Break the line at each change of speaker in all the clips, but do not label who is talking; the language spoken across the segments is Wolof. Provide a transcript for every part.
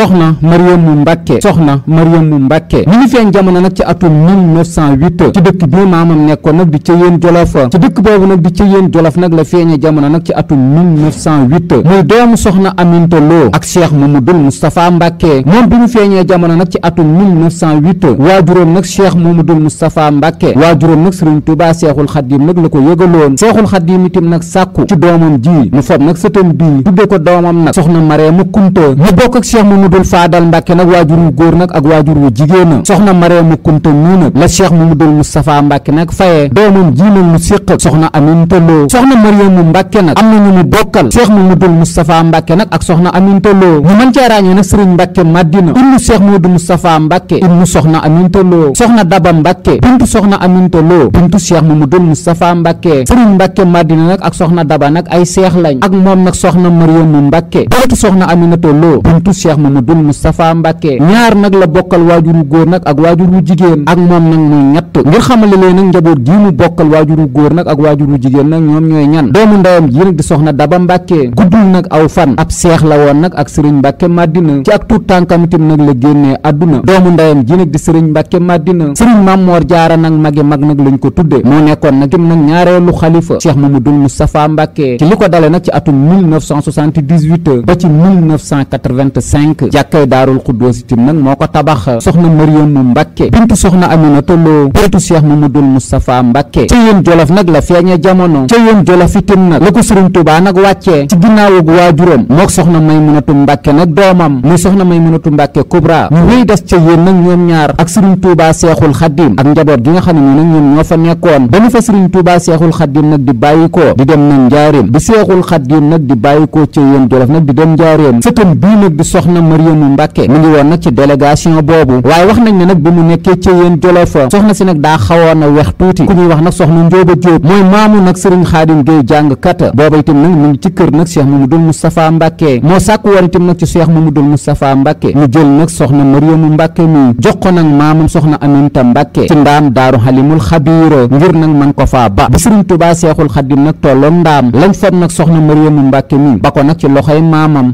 soxna Mariamu Mbàkke soxna Mariamu Mbàkke mi ngi feeñ jamono nag ci atum 1908 ci dëkk bii maamam nekkoon nag di Ceyeen Jolof ci dëkk boobu nag di Ceyeen Jolof nag la feeñe jamono nag ci atum 1908 muy doomu soxna Aminta Lo ak Cheikh Mamadul Moustapha Mbàkke moom bi mu feeñee jamono nag ci atum 1908 waajuróom nag Cheikh Mamadul Moustapha Mbàkke waajuróom nag Sëriñ Tuubaa Seexul Xadiim nag la ko yëgaloon Seexul Xadiim itam nag sàkku ci doomam ji mu fob nag sëtam bii tudde ko doomam nag soxna Mariamu Kunta mu bokk ak Cheikh Mamadul Mouhamadoul Fadal Mbàkke nag waajur wu góor nag ak waajur wu jigéen soxna Mariama Kunta mii nag mu Cheikh Mouhamadoul Moustapha Mbàkke nag fayee doomam jii nag mu séq soxna Aminta Lo soxna Mariama Mbàkke nag am na ñu mu bokkal mu Mouhamadoul Moustapha Mbàkke nag ak soxna Aminta Lo ñu mën cee ràññee nag Sëriñ Mbàkke Madina ibnu Cheikh Mouhamadoul Moustapha Mbàkke ibnu soxna Aminta Lo soxna Daba Mbàkke bintu soxna Aminta Lo bintu Cheikh Mouhamadoul Moustapha Mbàkke Sëriñ Mbàkke Madina nag ak soxna Daba nag ay seex lañ ak moom nag soxna Mariama Mbàkke bintu soxna Aminta Lo bintu Mouhamadul Moustapha Mbàkke ñaar nag la bokkal waajuru góor nag ak waajuru jigéen ak moom nag muy ñett ngir xamale leen nag njaboot gii mu bokkal waajuru góor nag ak waajuru jigéen nag ñoom ñooy ñan doomu ndawam ji nag di soxna Daba Mbàkke guddul nag aw fan ab seex la woon nag ak sëriñ Mbàkke Madina ci ak tuut tànkam itam nag la génnee àdduna doomu ndawam ji nag di sëriñ Mbàkke Madina sëriñ Mammoor Jaara nag magi mag nag lañ ko tudde moo nekkoon nag itam nag ñaareelu xalifa Cheikh Mouhamadoul Moustapha Mbàkke ci li ko dale nag ci atum 1978 ba ci 1985 nekk jàkkay daarul xuddoos itam nag moo ko tabax soxna Mariamu Mbàkke bint soxna Aminata Lo bëtu Cheikh Mamadul Moustapha Mbàkke ca yoon jolof nag la feeñe jamono ca yoon jolof itam nag la ko Sëriñ Tuubaa nag wàccee ci ginnaawug waajuram mook soxna Maymunatu Mbàkke nag doomam muy soxna Maymunatu Mbàkke Kubra ñu wéy des ca yéen nag ñoom ñaar ak Sëriñ Tuubaa Seexul Xaddim ak njaboot gi nga xam ne nii nag ñoom ñoo fa nekkoon ba nu fa Sëriñ Tuubaa Seexul Xaddim nag di bàyyikoo di dem nag njaaréem bi Seexul Xaddim nag di bàyyikoo ca yoon jolof nag di dem njaaréem sëtam bii nag di soxna Mariamu Mbàkke mi ngi woon nag ci délégation boobu waaye wax nañ ne nag bi mu nekkee ci yéen Jolof soxna si nag daa xawoon a weex tuuti ku ñuy wax nag soxna Njóoba Jóob mooy maamu nag Sëriñ Xaadim Géey jàngkat booba itam nag mu ngi ci kër nag Cheikh Mamadul Moustapha Mbàkke moo sàkk woon itam nag ci Cheikh Mamadul Moustapha Mbàkke mu jël nag soxna Mariamu Mbàkke mi jox ko nag maamam soxna Aminta Mbàkke ci ndaam Daaru Xalimul Xabiir ngir nag man ko faa ba bi Sëriñ Tuubaa Seexul Xaadim nag tolloon ndaam lañ fab nag soxna Mariamu Mbàkke mi ba ko nag ci loxoy maamam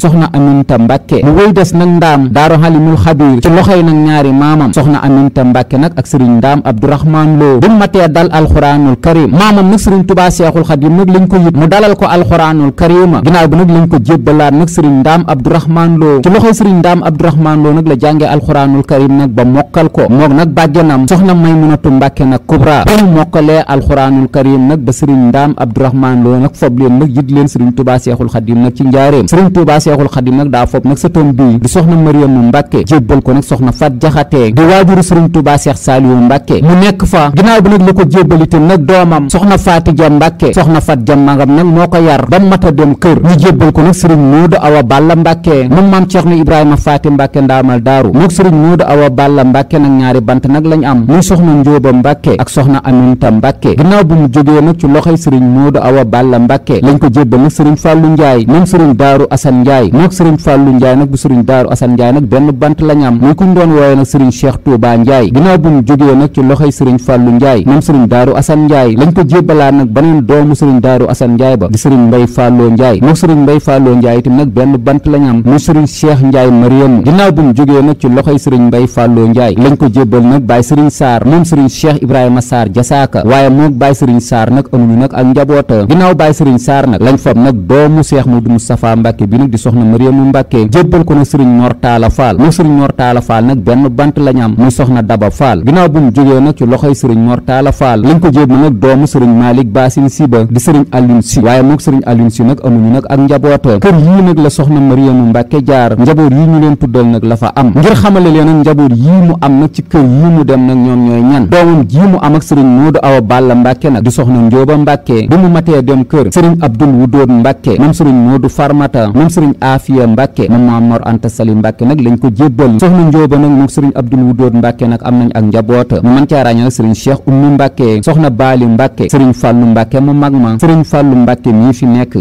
des nag ndaam daaru xalimul xabir ci loxoy nag ñaari maamam soxna aminta mbàkke nag ak sëriñ ndaam abdourahman loo bu matee dal alxuraanul karim maamam nag sëriñ tubaa seexul xadim nag lañ ko mu dalal ko alxuraanul karima ginnaaw bi nag lañ ko jébbalaat nag sëriñ ndaam abdourahman loo ci loxoy sëriñ ndaam abdourahman loo nag la jànge alxuraanul karim nag ba mokkal ko moog nag bàjjanam soxna maymunatu mbàkke nag kubra ba mu mokkalee alxuraanul karim nag ba sëriñ ndaam abdourahman loo nag fob leen nag yit leen sëriñ tubaa seexul xadim nag ci njaareem sëriñ tubaa seexul xadim nag daa fob nag sëtoom bi doomam di soxna Mariama Mbàkke jébbal ko nag soxna Fat Jaxate di waajuru Sëriñ Tuubaa Seex Saaliwu Mbàkke mu nekk fa ginnaaw bi nag la ko jébbal itam nag doomam soxna Faati Ja Mbàkke soxna Fat Ja magam nag moo ko yar ba mata dem kër ñu jébbal ko nag Sëriñ Moodu Awa Balla Mbàkke moom maam Ceerno Ibrahima Faati Mbàkke ndaamal daaru mook Sëriñ Moodu Awa Balla Mbàkke nag ñaari bant nag lañ am muy soxna Njóoba Mbàkke ak soxna Aminta Mbàkke ginnaaw bu mu jógee nag ci loxoy Sëriñ Moodu Awa Balla Njaay moom Sëriñ Daaru Asan Njaay mook Sëriñ Fàllu Njaay nag bu Sëriñ Daaru Assane Ndiaye nag benn bant la ñam muy kuñ doon wooye nag sëriñ Cheikh Touba Ndiaye ginnaaw bu mu jógee nag ci loxoy sëriñ Fallou Ndiaye moom sëriñ Daaru Assane Ndiaye lañ ko jébbalaat nag beneen doomu sëriñ Daaru Assane Ndiaye ba di sëriñ Mbay Fallou Ndiaye moom sëriñ Mbay Fallou Ndiaye itam nag benn bant la ñam muy sëriñ Cheikh Ndiaye Mariam ginnaaw bu mu jógee nag ci loxoy sëriñ Mbay Fallou Ndiaye lañ ko jébbal nag bàyyi sëriñ Sarr moom sëriñ Cheikh Ibrahima Sarr Jasaaka waaye moog bàyyi sëriñ Sarr nag amuñu nag ak njabootam ginnaaw bàyyi sëriñ Sarr nag lañ fab nag doomu Cheikh Modou Moustapha Mbacke bi nag di soxna Mariamu Mbacke sëriñ mortaala faal moo sëriñ mortaala faal nag benn bant lañ am muy soxna daba faal ginnaaw bu mu jógee nag ci loxoy sëriñ mortaala faal lañ ko jébbal nag doomu sëriñ maalik baasin si ba di sëriñ alin si waaye mook sëriñ alin si nag amuñu nag ak njaboota kër yii nag la soxna mariyamu mbàkke jaar njaboot yi ñu leen tuddal nag la fa am ngir xamale leen nag njaboot yii mu am nag ci kër yii mu dem nag ñoom ñooy ñan doomam jii mu am ak sëriñ moodu awa Anta Sali Mbàkke nag lañ ko jébbal soxna Njóoba nag moom sëriñ Abdul Wudóot Mbàkke nag am nañ ak njaboot ñu mën caa ràññee nag sëriñ Cheikh Ummi Mbàkke soxna Baali Mbàkke sëriñ Fàllu Mbàkke mu mag ma sëriñ Fàllu Mbàkke mii fi nekk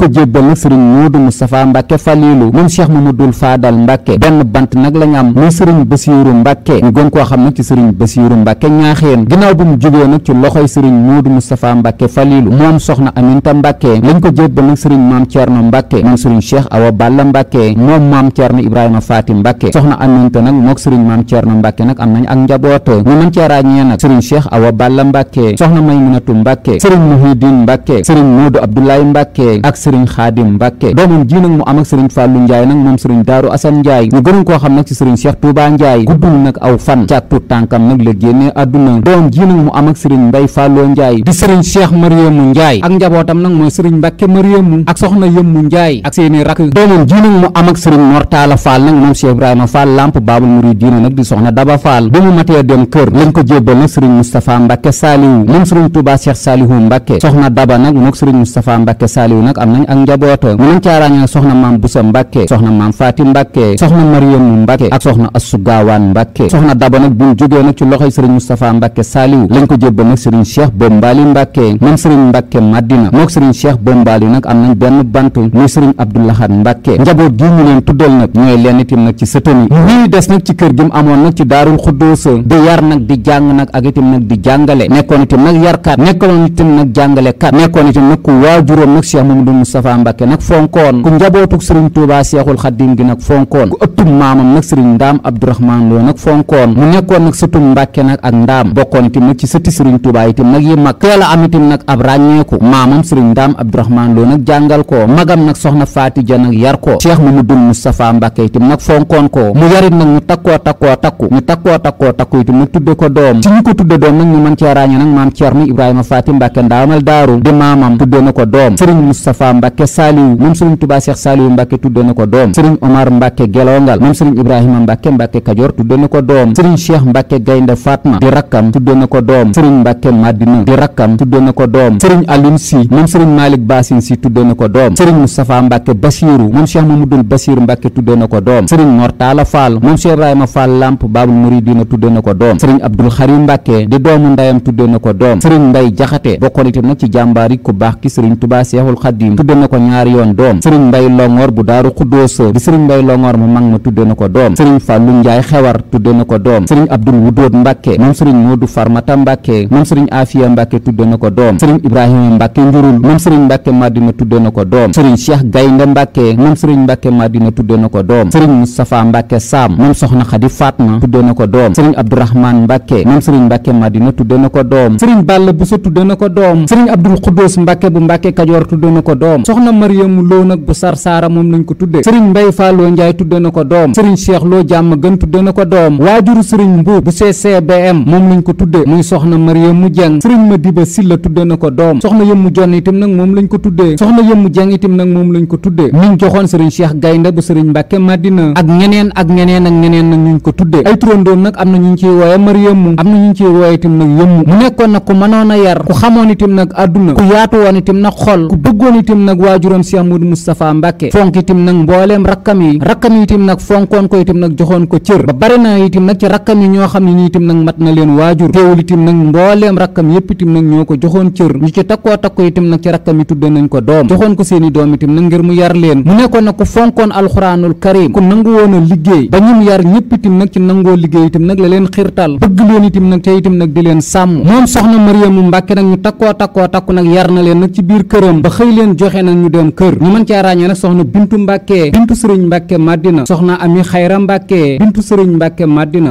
ko jébbal nag sëriñ Moodu Mustafa Mbàkke Faliilu moom Cheikh Mamadul Faadal Mbàkke benn bant nag lañ am muy sëriñ Basiiru Mbàkke ñu gën koo xam nag ci sëriñ Basiiru Mbàkke ñaaxeen ginnaaw bu mu jógee nag ci loxoy sëriñ Moodu Mustafa Mbàkke Faliilu moom soxna a Mbàkke lañ ko jébbal nag sëriñ Mbacke mu sëriñ Cheikh Awa Balla Mbacke moom maam Thierno Ibrahima Fatim Mbacke soxna Aminta nag mook sëriñ maam Thierno na nag am nañ ak njaboot ñu mën cee ràññee nag sëriñ Cheikh Awa Balla Mbacke soxna Maymunatu Mbacke sëriñ Muhidin Mbacke sëriñ Moodu Abdoulaye Mbacke ak sëriñ Xaadim Mbacke doomam ji nag mu am ak sëriñ Fallou Ndiaye nag moom sëriñ Daaru Assane Ndiaye ñu gënoon koo xam nag ci sëriñ Cheikh Touba Ndiaye guddul nag aw fan càak tut tànkam nag la génnee àdduna doom ji ak Mbay Fallou Ndiaye di sëriñ Cheikh Mariamu Ndiaye ak njabootam nag mooy sëriñ Mbacke Mariamu ak soxna Yëmmu Ndiaye ak seeni rakk doomam ji mu am ak sëriñ Mortala Fall nag moom Cheikh Ibrahima Fall lamp baabul muridiina nag di soxna Daba Fall ba mu matee dem kër lañ ko jébbal nag sëriñ Moustapha Mbacke Saliou moom sëriñ Touba Cheikh Saliou Mbacke soxna Daba nag mook sëriñ Moustapha Mbacke Saliou nag am nañ ak njaboota mu nañ caaraañe soxna maam Boussa Mbacke soxna maam Faati Mbacke soxna Mariam Mbacke ak soxna Assu Gaawaan Mbacke soxna Daba nag buñ jógee nag ci loxoy sëriñ Moustapha Mbacke Saliou lañ ko jébbal nag sëriñ Cheikh Bombaali Mbacke moom sëriñ Mbacke Madina mook sëriñ Cheikh Bombaali nag am nañ benn bant muy sëriñ Abdou Lahad Mbacke njaboot gi ñu leen tuddal nag ñooy lenn itam nag ci sëtën yi ñuy des nag ci kër gi mu amoon nag ci daarul xuddoos di yar nag di jàng nag ak itam nag di jàngale nekkoon itam nag yarkat nekkoon itam nag jàngalekat nekkoon itam nag ku waajuróom nag Cheikh Mamadou Moustapha Mbacke nag fonkoon ku njabootuk sëriñ Touba Cheikhul Khadim gi nag fonkoon ku ëttum maamam nag sëriñ Ndaam Abdourahmane Lo nag fonkoon mu nekkoon nag sëtum Mbacke nag ak Ndaam bokkoon itam nag ci sëti sëriñ Touba itam nag yi mag teel a am itam nag ab ràññeeku maamam sëriñ Ndaam nag soxna faati ja nag yar ko cheikh mamadou moustapha mbàkke itam nag fonkoon ko mu yarit nag ñu takkoo takkoo takku ñu takkoo takkoo takku itam nag tudde ko doom ci ñu ko tudde doom nag ñu mën cee ràññe nag maam ceerno ibrahima faati mbàkke ndaamal daaru di maamam tudde na ko doom sëriñ moustapha mbàkke saaliwu moom sëriñ tubaa cheikh saaliwu mbàkke tudde na ko doom sëriñ omar mbàkke gelongal moom sëriñ ibrahima mbàkke kajoor tudde na ko doom sëriñ cheikh di rakkam tudde na ko doom sëriñ mbàkke madina di rakkam Moustapha Mbacke Bassirou moom Cheikh Mamadou Bassirou Mbacke tuddee na ko doom Serigne Mor Talla Fall moom Cheikh Ibrahima Fall Lamp Babul Mouridina tuddee na ko doom Serigne Abdoul Xarim Mbacke di doomu ndayam tuddee na ko doom Serigne Mbaye Jaxate bokkoon itam nag ci jàmbaar yi ku baax ki Serigne Touba Seexul Xadim tuddee na ko ñaari yoon doom Serigne Mbaye Longor bu Daaru Xuddoos di Serigne Mbaye Longor mu mag ma tuddee na ko doom Serigne Fallou Ndiaye Xewar tuddee na ko doom Serigne Abdoul Wudoot Mbacke moom Serigne Modou Farmata Mbacke moom Serigne Afia Mbacke tuddee na ko doom Serigne Ibrahima Mbacke Njurul moom Serigne Mbacke Cheikh Gaynde Mbàkke moom sëriñ Mbàkke Madina tudde na ko doom sëriñ Moustapha Mbàkke Saam moom soxna Xadi Fatma tudde na ko doom sëriñ Abdourahmane Mbàkke moom sëriñ Mbàkke Madina tudde na ko doom sëriñ Balla Bousso tudde na ko doom sëriñ Abdul Xuddoos Mbàkke bu Mbàkke Kajoor tudde na ko doom soxna Mariamu Loo nag bu Sarsaara moom lañ ko tudde sëriñ Mbay Falloo Njaay tudde na ko doom sëriñ Cheikh Loo Jàmm Gën tudde na ko doom waajuru sëriñ Mbuub bu CCBM moom lañ ko tudde muy soxna Mariamu Jeng sëriñ Madiba Silla tudde na ko doom soxna Yëmmu Jonn itam nag moom moom lañ ko tuddee niñ joxoon sëriñ Cheikh Gaynde bu sëriñ Mbàkke Madina ak ñeneen ak na ñu ciy mu nekkoon nag ku mënoon a yar ku xamoon itam nag àdduna ku yaatu woon itam nag xol ku bëggoon itam nag waajuram Cheikh Modou Mbàkke fonk itam nag mbooleem rakkam yi rakkam yi nag fonkoon ko itam nag joxoon ko cër ba bari na itam nag ci rakkam yi ñoo xam ne ñi itam nag mat na leen waajur teewul itam nag mbooleem rakkam yépp itam nag ñoo ko joxoon cër ñu ci takkoo takko itam nag ci rakkam yi tudde nañ ko doom joxoon ko seeni doom itam na ngir mu yar leen mu nekkoon nag ku fonkoon alxuraanul karim ku nangu woon a liggéey ba ñum yar ñëpp itam nag ci nangoo liggéey itam nag la leen xirtal bëgg leen itam nag te itam nag di leen sàmm moom soxna Mariamu Mbàkke nag ñu takkoo takkoo takku nag yar na leen nag ci biir këram ba xëy leen joxe nag ñu dem kër ñu mën caa ràññee nag soxna bintu Mbàkke bintu sëriñ Mbàkke Madina soxna Ami Xayra Mbàkke bintu sëriñ Mbàkke Madina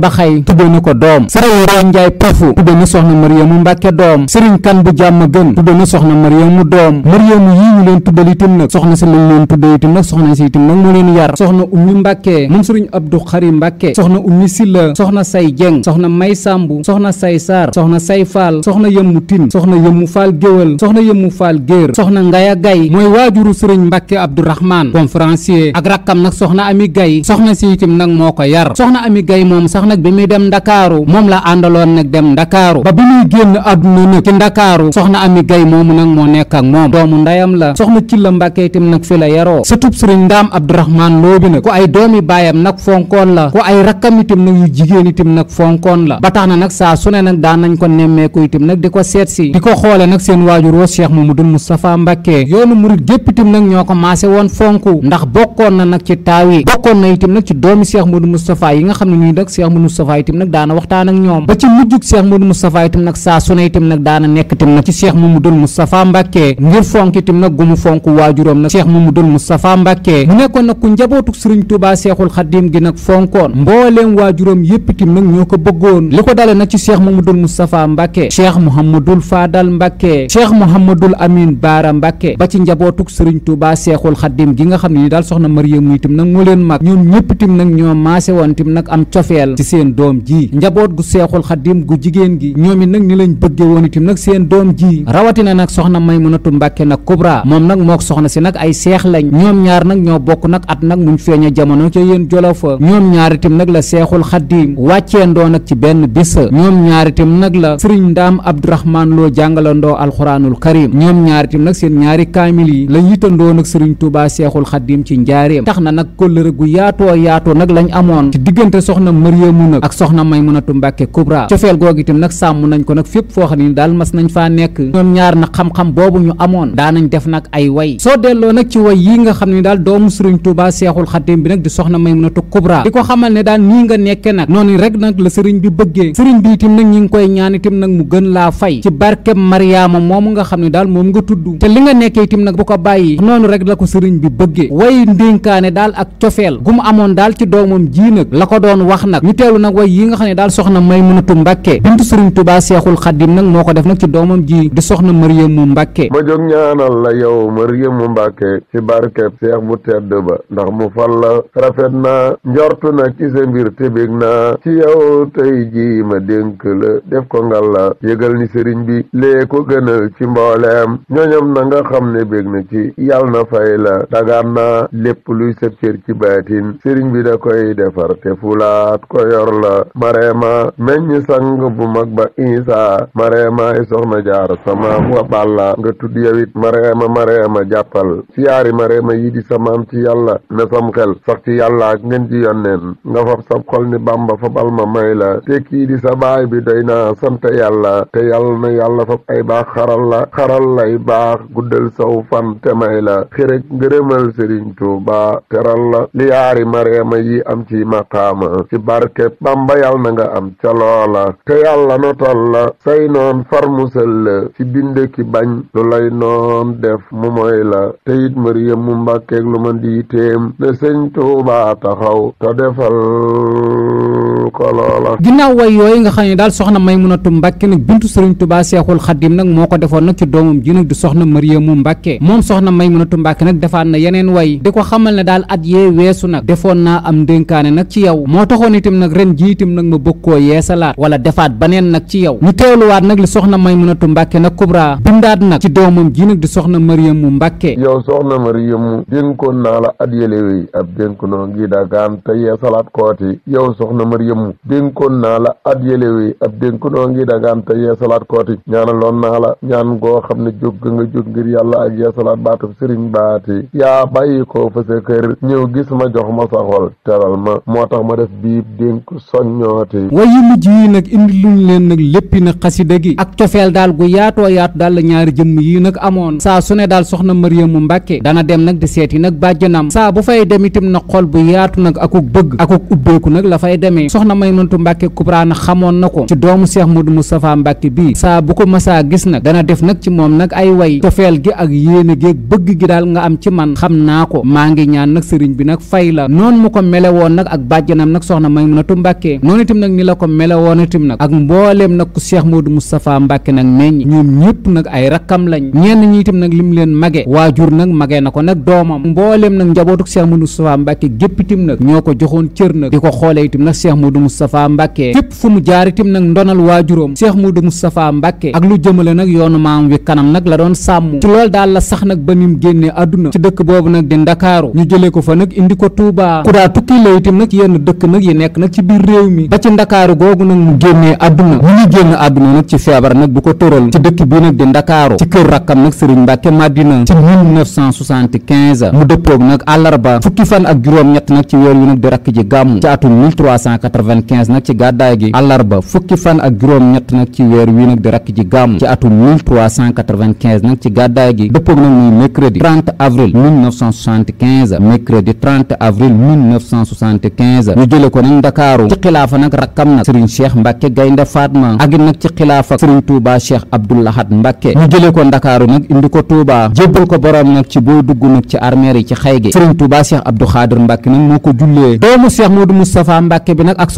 ba xay tuddee na ko doom sëriñ Njaay maryamu mbàkke doom sëriñ kan jàmm gën tudde na soxna maryamu doom maryamu yii ñu leen tuddal itam nag soxna si lañ leen tudde itam nag soxna si itam nag moo leen yar soxna ummi mbàkke moom sëriñ abdu xari mbàkke soxna ummi silla soxna say jeng soxna may sàmbu soxna say saar soxna say faal soxna yëmmu tin soxna yëmmu faal géwël soxna yëmmu faal géer soxna ngaya gay mooy waajuru sëriñ mbàkke abdourahman conférencier ak rakkam nag soxna ami gay soxna si itam nag moo ko yar soxna ami gay moom sax nag bi muy dem ndakaaru moom la àndaloon nag dem ndakaaru ba bi muy génn àdduna nag ci ndakaaru soxna ami gay moomu nag moo nekk ak moom doomu ndayam la soxna ci la mbàkke itam nag fi la yaroo sëtub sëriñ ndaam abdourahmaan loobi nag ku ay doomi baayam nag fonkoon la ku ay rakkam itam nag yu jigéen itam nag fonkoon la ba tax na nag saa su ne nag daan nañ ko nemmeeku itam nag di ko seet si di ko xoole nag seen waajur woo cheikh mamadou moustapha mbàkke yoonu murit gépp itam nag ñoo ko maase woon fonku ndax bokkoon na nag ci taaw yi bokkoon na itam nag ci doomi cheikh mamadou moustapha yi nga xam ne ñuy nag cheikh mamadou moustapha itam nag daana waxtaan ak ñoom nag saa su ne itam nag daana nekk itam nag ci cheikh mamadul moustapha mbàkke ngir fonk itam nag gu mu fonk waajuróom nag cheikh mamadul moustapha mbàkke mu nekkoon nag ku njabootu sëriñ tubaa seexul xaddim gi nag fonkoon mbooleem waajuróom ko bëggoon li ko dale nag ci cheikh mamadul moustapha mbàkke cheikh mouhamadul faadal mbàkke cheikh mouhamadul amin baara mbàkke ba ci njabootuk sëriñ tubaa seexul xaddim gi nga xam ne ni daal soxna mariyamu itam nag moo leen mag ñoom ñëpp itam nag ñoo maase woon itam nag am cofeel ci seen doom ji njaboot gu seexul xaddim gu jigéen gi ñoom nag ni lañ bëggee woon itam nag seen doom ji rawatina nag soxna Maymunatu Mbàkke nag Kubra moom nag mook soxna si nag ay seex lañ ñoom ñaar nag ñoo bokk nag at nag muñ feeñ a jamono ca yéen jolof ñoom ñaar itam nag la seexul xaddiim wàcceendoo nag ci benn bis ñoom ñaar itam nag la sëriñ ndaam abdourahmaan loo jàngalandoo alxuraanul karim ñoom ñaar itam nag seen ñaari kaamil yi lañ yitandoo nag sëriñ Tuubaa seexul xaddiim ci njaareem tax na nag kóllëre gu yaatoo yaatoo nag lañ amoon diggante soxna Mariyaamu nag ak soxna Maymunatu Mbàkke Kubra ko nag fépp foo xam ne daal mas nañ faa nekk ñoom ñaar nag xam-xam boobu ñu amoon daanañ def nag ay way soo delloo nag ci way yi nga xam ne daal doomu sëriñ Tuubaa Seexul Xadiim bi nag ko xamal ne daal nii nga nekke nag noonu rek nag la sëriñ bi bëggee sëriñ bi itam nag ñi ngi koy ñaan itam nag mu gën laa fay ci barkeb Mariyaama moomu nga xam ne daal moom nga tudd te li nga nekkee itam nag bu ko bàyyi noonu rek la ko sëriñ bi bëggee way ndénkaane daal ak cofeel gu amoon daal ci doomam jii nag la ko doon wax nag ñu teelu nag way yi nga xam ne daal soxna Maymunatu Mbàkke bintu sëriñ Tuubaa Seexul Xaddim nag moo ko def nag ci doomam ji di soxna
Mariamu Mbàkke ma jóg ñaanal la yow Mariamu Mbàkke ci barkeb seex bu tedd ba ndax mu fal la rafet na njortu na ci sa mbir te bég na ci yow tey ji ma dénk la def ko ngal la yëgal ni sëriñ bi lee ko gënal ci mbooleem ñooñam na nga xam ne bég na ci yàlla na fay la dagaan naa lépp luy sëb cër ci baatin sëriñ bi da koy defar te fulaat ko yor la mareema meññ sang bu mag ba is Isa Marema e Soxna Jaara samaam wa Balla nga tudd yowit Marema Marema jàppal siyaari Marema yi di samaam ci yàlla ne sam xel sax ci yàlla ak ngeen ci yonneen nga fab sab xol ni Bamba fabal ma may la te kii di sa baay bi doy na sant yàlla te yàlla na yàlla fab ay baax xaral la xaral lay baax guddal saw fan te may la xireg ngërëmal Sëriñ Tuuba teral la li yaari Marema yi am ci maqaama ci barke Bamba yàlla na nga am ca loola te yàlla notal la yàlla say noon far musal la ci binde ki bañ lu lay noon def mu moy la te it Mariyam mu mbàkkeeg lu ma di téem ne sëñ Tuubaa taxaw te defal ko loola
ginnaaw way yooyu nga xam ne daal soxna Maymunatu Mbàkke nag bintu Sëriñ Tuubaa Seexul nag moo ko defoon nag ci doomam ji nag di soxna Mariyamu Mbàkke moom soxna Maymunatu Mbàkke nag defaat na yeneen way di ko xamal ne daal at yee weesu nag defoon naa am ndénkaane nag ci yow moo taxoon itam nag ren ji itam nag ma bëgg koo wala defaat baneen nag ci yow ñu teewluwaat nag li soxna Maymunatu Mbàkke nag Kubra bindaat nag ci doomam ji nag di soxna
Mariyamu Mbàkke yow soxna Mariyamu dénkoon naa la at yëlewe ab dénk noo ngi dagaan te yeesalaat kooti yow soxna Mariyamu dénkoon naa la at yëlewee ab dénkunoo ngi dangaan te yeesalaat kooti ñaanaloon naa la ñaan goo xam ne jóg nga jóg ngir yàlla ak yeesalaat baatab sëriñ baati yaa bàyyi ko fa sa kër ñëw gis ma jox ma sa xol teral ma moo tax ma def biib dénk soññooti
wayu mujj yi nag indi luñ leen nag léppi na xasida gi ak cofeel daal gu yaatoo yaat daal la ñaari jëmm yi nag amoon saa su ne daal soxna Mariyamu Mbàkke dana dem nag di seet seeti nag bàjjanam saa bu fay dem itam na xol bu yaatu nag akuk bëgg akuk ubbeeku Maymunatu Mbàkke Kubra na xamoon na ko ci doomu Cheikh Modou Moustapha Mbàkke bii saa bu ko masaa gis nag dana def nag ci moom nag ay way cofeel gi ak yéene gi bëgg gi daal nga am ci man xam naa ko maa ngi ñaan nag sëriñ bi nag fay la noonu mu ko mele woon nag ak bàjjanam nag soxna Maymunatu Mbàkke noonu itam nag ni la ko mele woon itam nag ak mbooleem nag ku Cheikh Modou Moustapha Mbàkke nag meññ ñoom ñëpp nag ay rakkam lañ ñenn ñi itam nag lim leen mage waajur nag mage na ko nag doomam mbooleem nag njabootu Cheikh Modou Moustapha Mbàkke gépp itam ñoo ko joxoon cër nag di ko xoolee itam nag Cheikh Modou Modou Moustapha Mbacke fépp fu mu jaar itam nag ndonal waajuróom Cheikh Modou Moustapha Mbacke ak lu jëmale nag yoonu maam wi kanam nag la doon sàmm ci loolu daal la sax nag ba nim génnee àdduna ci dëkk boobu nag di Ndakaaru ñu jëlee ko fa nag indi ko Touba ku daa tukki la itam biir réew mi ba ci Ndakaaru googu nag mu génnee àdduna mu ñu génn àdduna nag ci feebar nag bu ko tëral ci dëkk bii nag di Ndakaaru ci kër rakkam nag Serigne Mbacke Madina ci mu dëppoog nag àllarba fukki fan ak juróom-ñett nag ci weer wi nag di rakk ji gàmm ci atum quatre-vingt-quinze nag ci gàddaay gi àllarba fukki fan ak juróom ñett nag ci weer wi nag di rakk ji gàmm ci atum mille trois cent quatre-vingt-quinze nag ci gàddaay gi dëppoog nag muy mercredi 30 avril 1975 mercredi 30 avril 1975 ñu jële ko nag ndakaaru ci xilaafa nag rakkam nag sëriñ cheikh mbàkke gaynde faatma ak nag ci xilaafa sëriñ touba cheikh abdoulahat mbàkke ñu jële ko ndakaaru nag indi ko touba jébbal ko borom nag ci boo dugg nag ci armeer yi ci xay gi sëriñ touba cheikh abdou xaadir mbàkke nag moo ko jullee doomu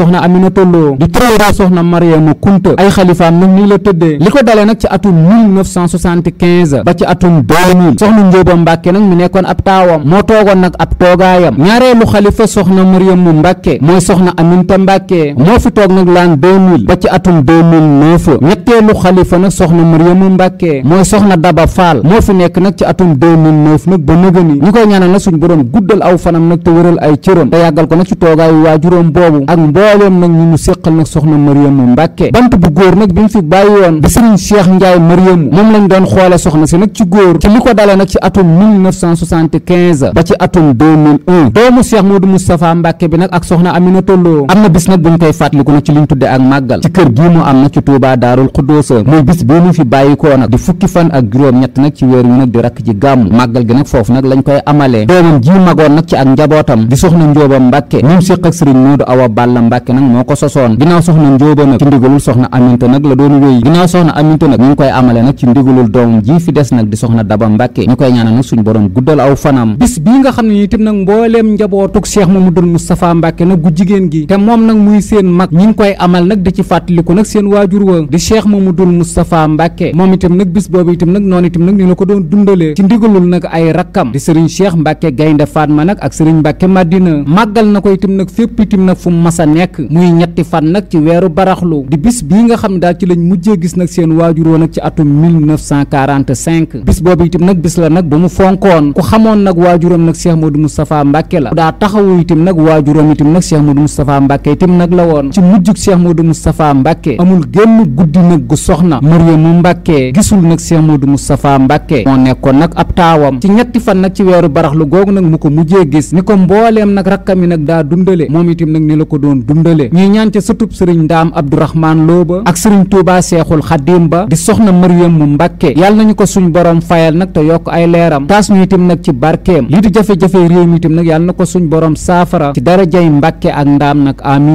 soxna Aminata Lo di tranda soxna Mariama Kunta ay xalifaam nag nii la tëddee li ko dalee nag ci atum ba ci atum soxna Njóoba Mbàkke nag mi nekkoon ab taawam moo toogoon nag ab toogaayam ñaareelu xalifa soxna Mariama Mbàkke mooy soxna Aminata Mbàkke moo fi toog nag laan ba ci atum 2009 ñetteelu xalifa nag soxna Mariama Mbàkke mooy soxna Daba Faal moo fi nekk nag ci atum 2009 nag ba nëgëni ñu koy ñaanal nag suñu borom guddal aw fanam nag te wëral ay cëram te yàggal ko mbooleem nag ñu mu séqal nag soxna Mariamu Mbàkke bant bu góor nag bi mu fi bàyyi woon di sëriñ Cheikh Ndiaye Mariamu moom lañ doon xoole soxna si nag ci góor ci li ko dale nag ci atum 1975 ba ci atum 2001 doomu Cheikh Modou Moustapha Mbàkke bi nag ak na bis nag buñ koy fàttaliku nag ci liñ tudde ak màggal ci kër gii mu am nag ci Touba Daarul Xuddoosa muy bis bi mu fi bàyyi koo nag di fukki fan ak juróom-ñett nag ci weer wi nag di rakk ci gàmm màggal gi nag foofu nag lañ koy amalee doomam ji magoon nag ci ak njabootam di soxna Njóoba Mbàkke moom séq ak sëriñ Mbàkke nag moo ko sosoon ginnaaw soxna Njóoba nag ci ndigalul soxna Aminta nag la doon wéy ginnaaw soxna Aminta nag ñu ngi koy amale nag ci ndigalul doomam ji fi des nag di soxna Daba Mbàkke ñu koy ñaanal nag suñu borom guddal aw fanam bis bii nga xam ne nii tim nag mbooleem njabootug Cheikh Mamadou Moustapha Mbàkke nag gu jigéen gi te moom nag muy seen mag ñi koy amal nag di ci fàttaliku nag seen waajur wa di Cheikh Mamadou Moustapha Mbàkke moom itam nag bis boobu itam nag noonu itam nag ni la ko doon dundalee ci ndigalul nag ay rakkam di sëriñ Cheikh Mbàkke Gaynde Fatma nag ak sëriñ Mbàkke Madina màggal na nekk muy ñetti fan nag ci weeru baraxlu di bis bii nga xam ne daal ci lañ mujjee gis nag seen waajuroo nag ci atum 1945 bis boobu itam nag bis la nag ba mu fonkoon ku xamoon nag waajuram nag Cheikh Modou Moustapha Mbacke la ku daa taxawu itam nag waajuram itam nag Cheikh Modou Moustapha Mbacke itam nag la woon ci mujjug moo Modou Moustapha Mbacke amul génn guddi nag gu soxna Mariamu Mbacke gisul nag Cheikh Modou Moustapha Mbacke moo nekkoon nag ab taawam ci ñetti fan nag ci weeru baraxlu googu nag mu ko mujjee gis ni ko mbooleem na rakkam yi nag daa dundale moom itam nag ni la ko dundale ñuy ñaan ca sëtub sëriñ ndaam abdourahmaan loo ba ak sëriñ tuubaa seexul xaddiim ba di soxna mariam mu mbàkke yàlla nañu ko suñ borom fayal nag te yokk ay leeram taas ñu itam nag ci barkeem lii di jafe-jafe réew mi itam nag yàlla na ko suñ borom saafara ci darajay mbàkke ak ndaam nag amin